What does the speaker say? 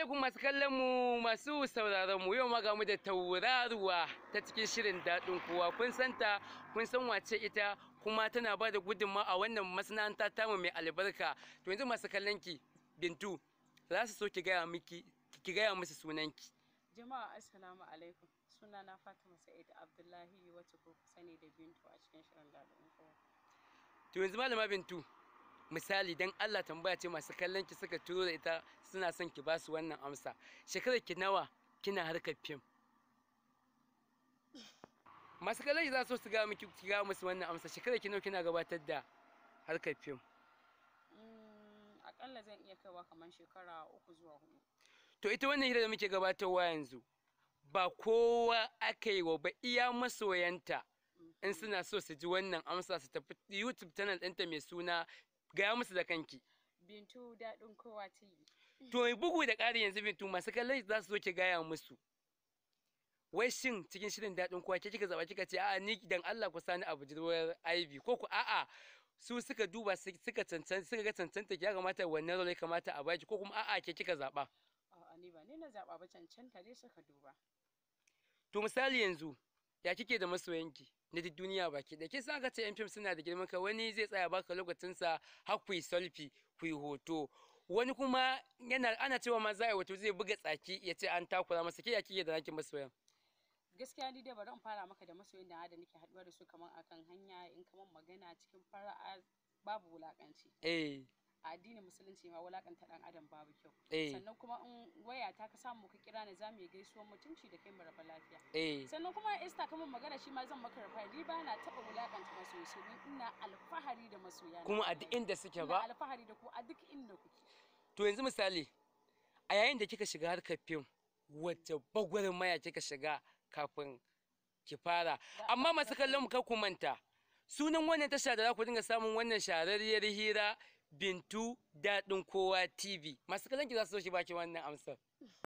alaikum masu kallon mu masu sauraron mu yau ma ga mu da tauraruwa ta cikin shirin daɗin kowa kun santa kun san wace ita kuma tana ba da gudunma a wannan masana'anta tamu mai albarka to yanzu masu kallon ki bintu za su so ki gaya miki ki gaya musu sunanki jama'a assalamu alaikum sunana fatima sa'id abdullahi wacce ko sani da bintu a cikin shirin daɗin kowa to yanzu malama bintu misali dan Allah tambaya ce masu kallon ki suka turo da ita suna son ki ba su wannan amsa shekarar ki nawa kina harkar fim masu kallon ki za su ga miki ki ga musu wannan amsa shekarar ki nawa kina gabatar da harkar fim mm, akalla zan iya kaiwa kamar shekara uku zuwa hudu to ita wannan hira da muke gabatarwa yanzu ba kowa aka yi wa ba iya masoyanta in mm. suna so su ji wannan amsa su tafi YouTube channel ɗinta mai suna gaya musu da kanki bintu daɗin kowa tv to bugu da ƙari yanzu bintu masu kallon za su zo ki gaya musu wai shin cikin shirin daɗin kowa ke kika zaba kika ce a'a ni dan Allah ku sani abu jirwar Ivy ko ku a'a su suka duba suka cancanta suka ga cancanta ya kamata wannan role kamata a baki ko kuma a'a ke kika zaba a'a ni ba ni na zaba ba cancanta ne suka duba to misali yanzu ya kike da masoyanki na duk duniya baki da kisa sa ka ce fim suna da girman ka wani zai tsaya baka lokacin sa ku yi kui ku yi hoto wani kuma yana ana cewa ma za wato zai buga tsaki ya ce an takura masa ke ya kike da nakin masoyan gaskiya ni dai bari in fara maka da masoyan da da nake haduwa da su kamar akan hanya in kamar magana cikin fara'a babu wulakanci eh a addinin musulunci ma wulakanta dan adam babu kyau eh. sannan kuma in waya ta ka samu ka kira ni zamu yi gaisuwar mutunci da kai mu lafiya eh. sannan kuma Esther kamar magana shi ma zan maka rafa ni ba na taba wulakanta masoyi don ina alfahari da masoya kuma a duk inda suke ba ina alfahari da ku a duk inda kuke to yanzu misali a yayin da kika shiga harkar fim wacce bagwarin maya kika shiga kafin ki fara amma masu kallon mu kar ku manta sunan wannan tasha da za ku dinga samun wannan shahararriyar hira Bintu daɗin kowa TV. Masu kalan ki za su so shi baki wannan amsar.